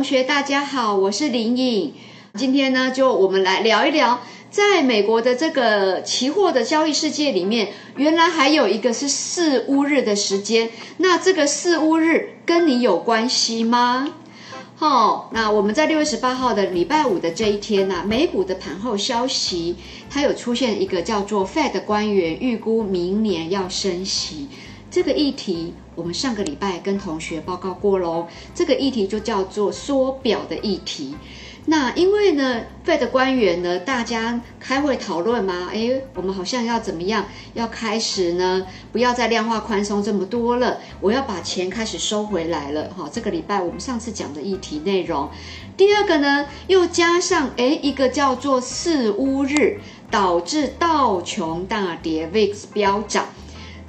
同學大家好，我是林穎。今天呢，就我們來聊一聊，在美國的這個期貨的交易世界裡面，原來還有一個是四巫日的時間。那這個四巫日跟你有關係嗎？好、哦，那我們在六月十八號的禮拜五的這一天呢、啊，美股的盤後消息，它有出現一個叫做 Fed 的官員預估明年要升息。這個議題我們上個禮拜跟同學報告過嘍。這個議題就叫做縮表的議題。那因為呢，Fed 的官員呢，大家開會討論嘛，誒、哎、我們好像要怎麼樣？要開始呢，不要再量化寬鬆這麼多了，我要把錢開始收回來了哈。這個禮拜我們上次講的議題內容。第二個呢，又加上誒、哎、一個叫做四巫日，導致道瓊大跌，VIX 飆漲。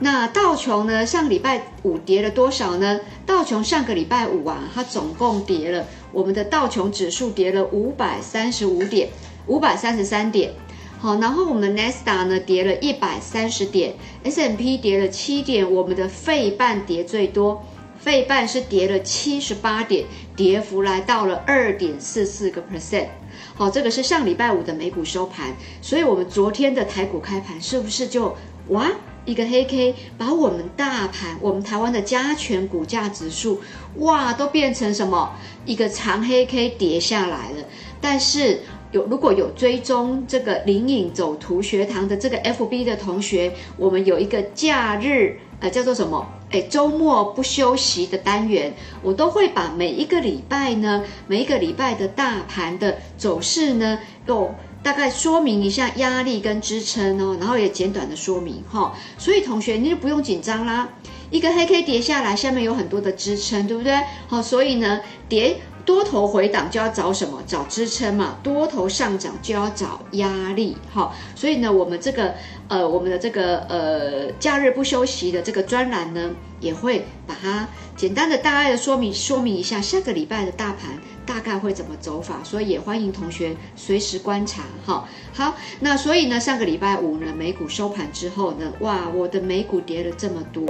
那道瓊呢？上禮拜五跌了多少呢？道瓊上個禮拜五啊，它總共跌了，我們的道瓊指數跌了五百三十五點，五百三十三點。好，然後我們的 Nasdaq 呢，跌了一百三十點，S&P 跌了七點，我們的費半跌最多，費半是跌了七十八點，跌幅來到了二點四四個 percent。好，這個是上禮拜五的美股收盤，所以我們昨天的台股開盤是不是就哇？一個黑 K 把我們大盤，我們台灣的加權股價指數，哇，都變成什麼？一個長黑 K 跌下來了。但是有如果有追蹤這個林穎走圖學堂的這個 FB 的同學，我們有一個假日，呃，叫做什麼？誒周末不休息的單元，我都會把每一個禮拜呢，每一個禮拜的大盤的走勢呢，都大概說明一下壓力跟支撐哦，然後也簡短的說明哈、哦。所以同學你就不用緊張啦，一個黑 K 跌下來，下面有很多的支撐，對不對？好、哦，所以呢，跌多頭回檔就要找什麼？找支撐嘛。多頭上漲就要找壓力。好、哦，所以呢，我們這個。呃，我們的這個呃，假日不休息的這個專欄呢，也會把它簡單的、大概的說明說明一下，下個禮拜的大盤大概會怎麼走法，所以也歡迎同學隨時觀察哈、哦。好，那所以呢，上個禮拜五呢，美股收盤之後呢，哇，我的美股跌了這麼多，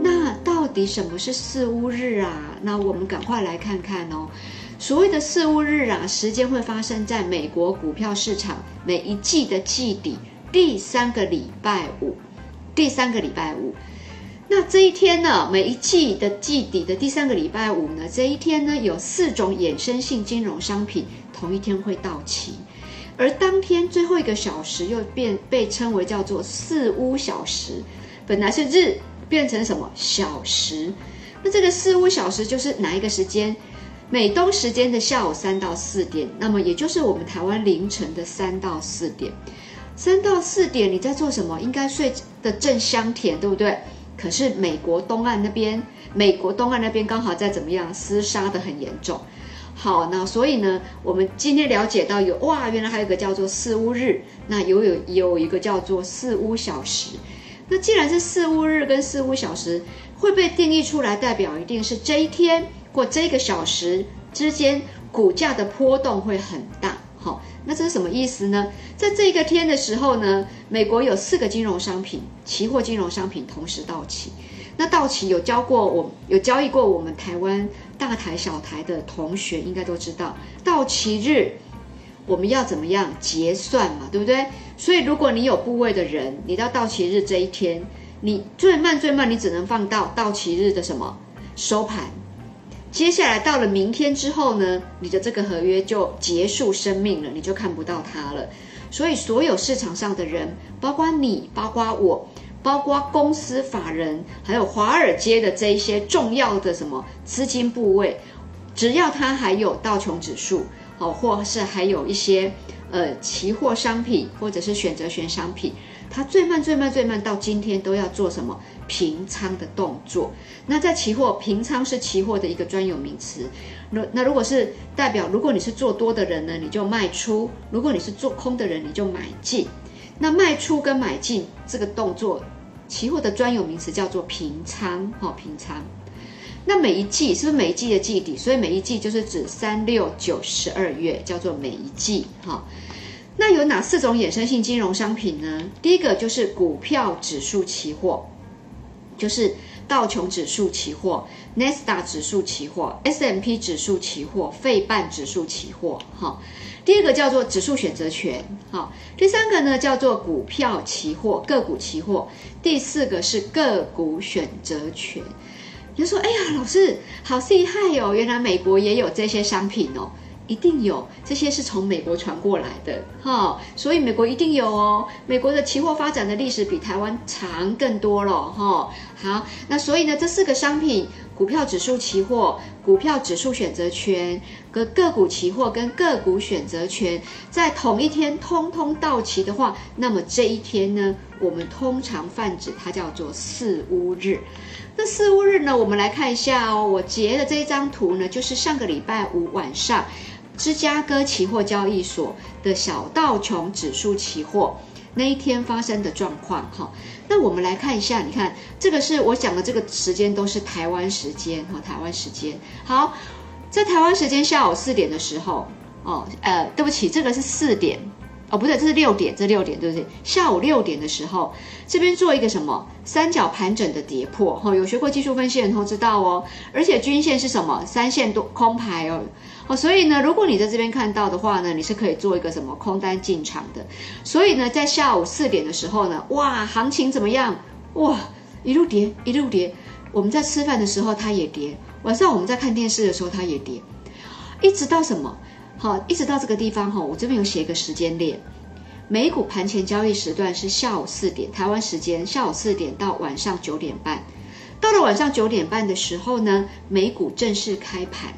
那到底什麼是四巫日啊？那我們趕快來看看哦。所謂的四巫日啊，時間會發生在美國股票市場每一季的季底。第三個禮拜五，第三個禮拜五，那這一天呢？每一季的季底的第三個禮拜五呢？這一天呢，有四種衍生性金融商品同一天會到期，而當天最後一個小時又變被稱為叫做四巫小時。本來是日，變成什麼小時？那這個四巫小時就是哪一個時間？美東時間的下午三到四點，那麼也就是我們台灣凌晨的三到四點。三到四點你在做什麼？應該睡得正香甜，對不對？可是美國東岸那邊，美國東岸那邊剛好在怎麼樣廝殺得很嚴重。好，那所以呢，我們今天了解到有哇，原來還有一個叫做四巫日，那有有有一個叫做四巫小時。那既然是四巫日跟四巫小時會被定義出來，代表一定是這一天或這個小時之間股價的波動會很大。好、哦。那這是什麼意思呢？在這個天的時候呢，美國有四個金融商品，期貨金融商品同時到期。那到期，有交過我，有交易過我們台灣大台、小台的同學，應該都知道到期日我們要怎麼樣結算嘛，對不對？所以如果你有部位的人，你到到期日這一天，你最慢、最慢，你只能放到到期日的什麼？收盤。接下來到了明天之後呢，你的這個合約就結束生命了，你就看不到它了。所以所有市場上的人，包括你，包括我，包括公司法人，還有華爾街的這一些重要的什麼資金部位，只要它還有道瓊指數，哦，或是還有一些呃期貨商品，或者是選擇權商品，它最慢最慢最慢到今天都要做什麼？平倉的動作，那在期貨平倉是期貨的一個專有名詞。那那如果是代表，如果你是做多的人呢，你就賣出；如果你是做空的人，你就買進。那賣出跟買進這個動作，期貨的專有名詞叫做平倉，平倉。那每一季是不是每一季的季底？所以每一季就是指三六九十二月，叫做每一季，哈。那有哪四種衍生性金融商品呢？第一個就是股票指數期貨。就是道瓊指數期貨、納斯達指數期貨、S M P 指數期貨、費半指數期貨。好，第二個叫做指數選擇權。好，第三個呢叫做股票期貨，個股期貨。第四個是個股選擇權。有人說：哎呀，老師好厲害哦，原來美國也有這些商品哦。一定有這些是從美國傳過來的，哈、哦，所以美國一定有哦。美國的期貨發展的歷史比台灣長更多了，哈、哦。好，那所以呢，這四個商品，股票指數期貨、股票指數選擇權、跟個股期貨跟個股選擇權，在同一天通通到期的話，那麼這一天呢，我們通常泛指它叫做四巫日。那四巫日呢，我們來看一下哦。我截的這一張圖呢，就是上個禮拜五晚上。芝加哥期貨交易所的小道瓊指數期貨，那一天發生的狀況哈、哦，那我們來看一下，你看這個是我講的，這個時間都是台灣時間、哦、台灣時間好，在台灣時間下午四點的時候哦，呃，對不起，這個是四點哦，不對，這是六點，這六點對不對？下午六點的時候，這邊做一個什麼三角盤整的跌破哈、哦，有學過技術分析的人都知道哦，而且均線是什麼？三線多空排哦。哦，所以呢，如果你在這邊看到的話呢，你是可以做一個什麼空單進場的。所以呢，在下午四點的時候呢，哇，行情怎麼樣？哇，一路跌，一路跌。我們在吃飯的時候它也跌，晚上我們在看電視的時候它也跌，一直到什麼？好，一直到這個地方哈，我這邊有寫一個時間線。美股盤前交易時段是下午四點，台灣時間下午四點到晚上九點半。到了晚上九點半的時候呢，美股正式開盤。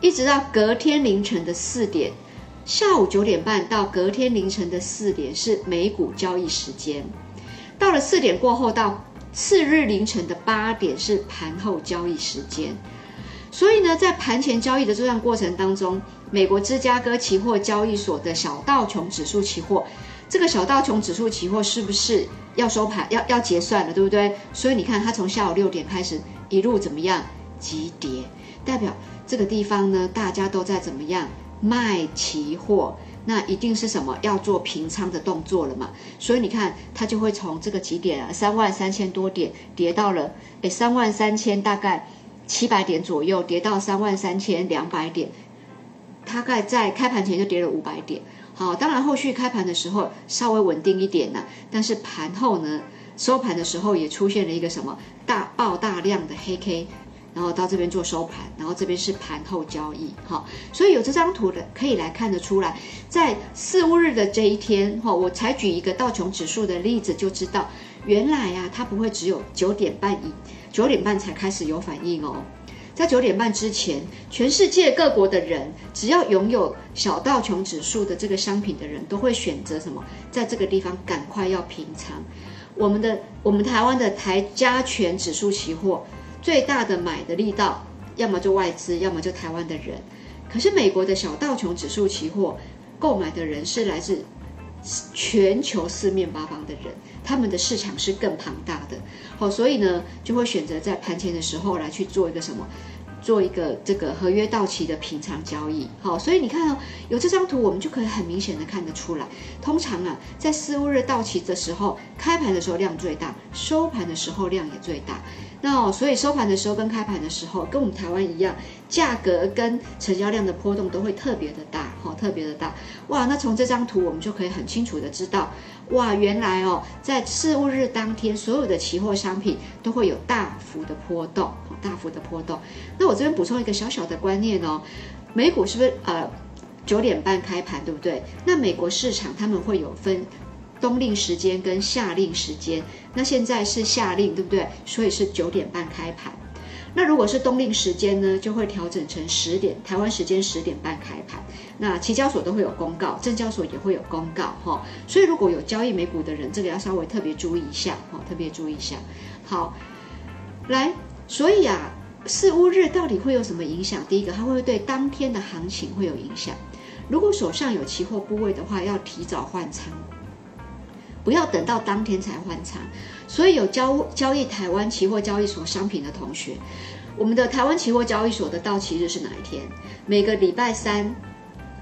一直到隔天凌晨的四點，下午九點半到隔天凌晨的四點是美股交易時間，到了四點過後到次日凌晨的八點是盤後交易時間。所以呢，在盤前交易的這段過程當中，美國芝加哥期貨交易所的小道瓊指數期貨，這個小道瓊指數期貨是不是要收盤要要結算了，對不對？所以你看，它從下午六點開始一路怎麼樣急跌。代表這個地方呢，大家都在怎麼樣賣期貨？那一定是什麼要做平倉的動作了嘛？所以你看，它就會從這個幾點啊，三萬三千多點跌到了哎，三萬三千大概七百點左右，跌到三萬三千兩百點，大概在開盤前就跌了五百點。好，當然後續開盤的時候稍微穩定一點了啊，但是盤後呢，收盤的時候也出現了一個什麼大爆大量的黑 K。然後到這邊做收盤，然後這邊是盤後交易，所以有這張圖的可以來看得出來，在四巫日的這一天，哈，我才舉一個道瓊指數的例子，就知道原來啊，它不會只有九點半以、以九點半才開始有反應哦，在九點半之前，全世界各國的人只要擁有小道瓊指數的這個商品的人，都會選擇什麼，在這個地方趕快要平倉，我們的我們台灣的台加權指數期貨。最大的買的力道，要麼就外資，要麼就台灣的人。可是美國的小道瓊指數期貨購買的人是來自全球四面八方的人，他們的市場是更龐大的。好、哦，所以呢，就會選擇在盤前的時候來去做一個什麼？做一個這個合約到期的平常交易，好、哦，所以你看哦，有這張圖，我們就可以很明顯的看得出來，通常啊，在四巫日到期的時候，開盤的時候量最大，收盤的時候量也最大，那、哦、所以收盤的時候跟開盤的時候，跟我們台灣一樣。價格跟成交量的波動都會特別的大，哈、哦，特別的大，哇，那從這張圖我們就可以很清楚的知道，哇，原來哦，在四巫日當天，所有的期貨商品都會有大幅的波動，大幅的波動。那我這邊補充一個小小的觀念哦，美股是不是呃九點半開盤，對不對？那美國市場他們會有分冬令時間跟夏令時間，那現在是夏令，對不對？所以是九點半開盤。那如果是冬令時間呢，就會調整成十點，台灣時間十點半開盤。那期交所都會有公告，證交所也會有公告，哈、哦。所以如果有交易美股的人，這個要稍微特別注意一下，哈、哦，特別注意一下。好，來，所以啊，四巫日到底會有什麼影響？第一個，它會對當天的行情會有影響。如果手上有期貨部位的話，要提早換倉。不要等到當天才換倉，所以有交交易台灣期貨交易所商品的同學，我們的台灣期貨交易所的到期日是哪一天？每個禮拜三，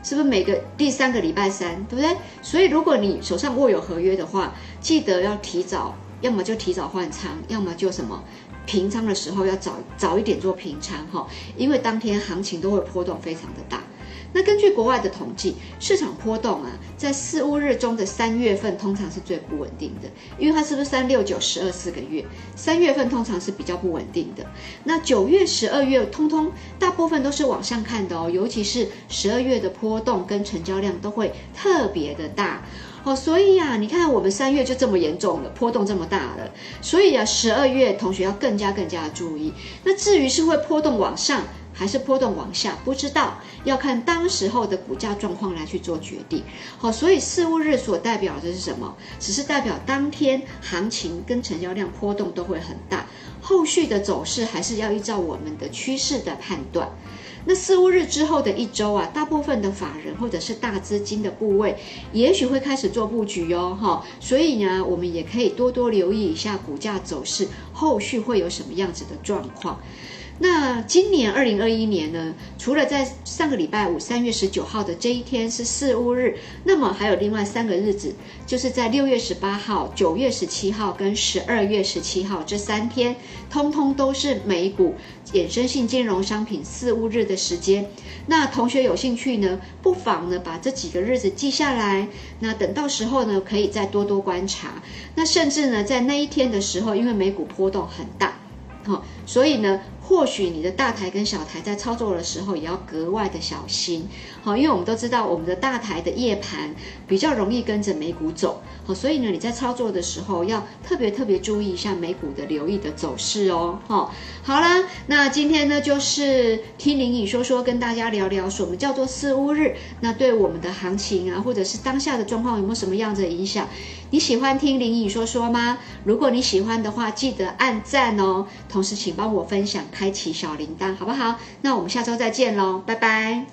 是不是每個第三個禮拜三？對不對？所以如果你手上握有合約的話，記得要提早，要麼就提早換倉，要麼就什麼平倉的時候要早早一點做平倉哈，因為當天行情都會波動非常的大。那根據國外的統計，市場波動啊，在四巫日中的三月份通常是最不穩定的，因為它是不是三、六、九、十二四個月，三月份通常是比較不穩定的。那九月、十二月通通大部分都是往上看的哦，尤其是十二月的波動跟成交量都會特別的大哦，所以呀、啊，你看我們三月就這麼嚴重了，波動這麼大了，所以呀、啊，十二月同學要更加更加的注意。那至於是會波動往上，還是波動往下，不知道要看當時候的股價狀況來去做決定。好、哦，所以四巫日所代表的是什麼？只是代表當天行情跟成交量波動都會很大，後續的走勢還是要依照我們的趨勢的判斷。那四巫日之後的一周啊，大部分的法人或者是大資金的部位，也許會開始做布局喲、哦哦，所以呢，我們也可以多多留意一下股價走勢，後續會有什麼樣子的狀況。那今年二零二一年呢，除了在上個禮拜五三月十九號的這一天是四巫日，那麼還有另外三個日子，就是在六月十八號、九月十七號跟十二月十七號這三天，通通都是美股衍生性金融商品四巫日的時間。那同學有興趣呢，不妨呢把這幾個日子記下來。那等到時候呢，可以再多多觀察。那甚至呢，在那一天的時候，因為美股波動很大，哦，所以呢。或許你的大台跟小台在操作的時候也要格外的小心，好、哦，因為我們都知道我們的大台的夜盤比較容易跟着美股走，好、哦，所以呢，你在操作的時候要特別特別注意一下美股的留意的走勢哦，哈、哦，好啦，那今天呢就是聽林穎說說，跟大家聊聊什麼叫做四巫日，那對我們的行情啊，或者是當下的狀況有沒有什麼樣子的影響？你喜歡聽林穎說說嗎？如果你喜歡的話，記得按讚哦，同時請幫我分享。開啟小鈴鐺，好不好？那我們下周再見嘍，拜拜。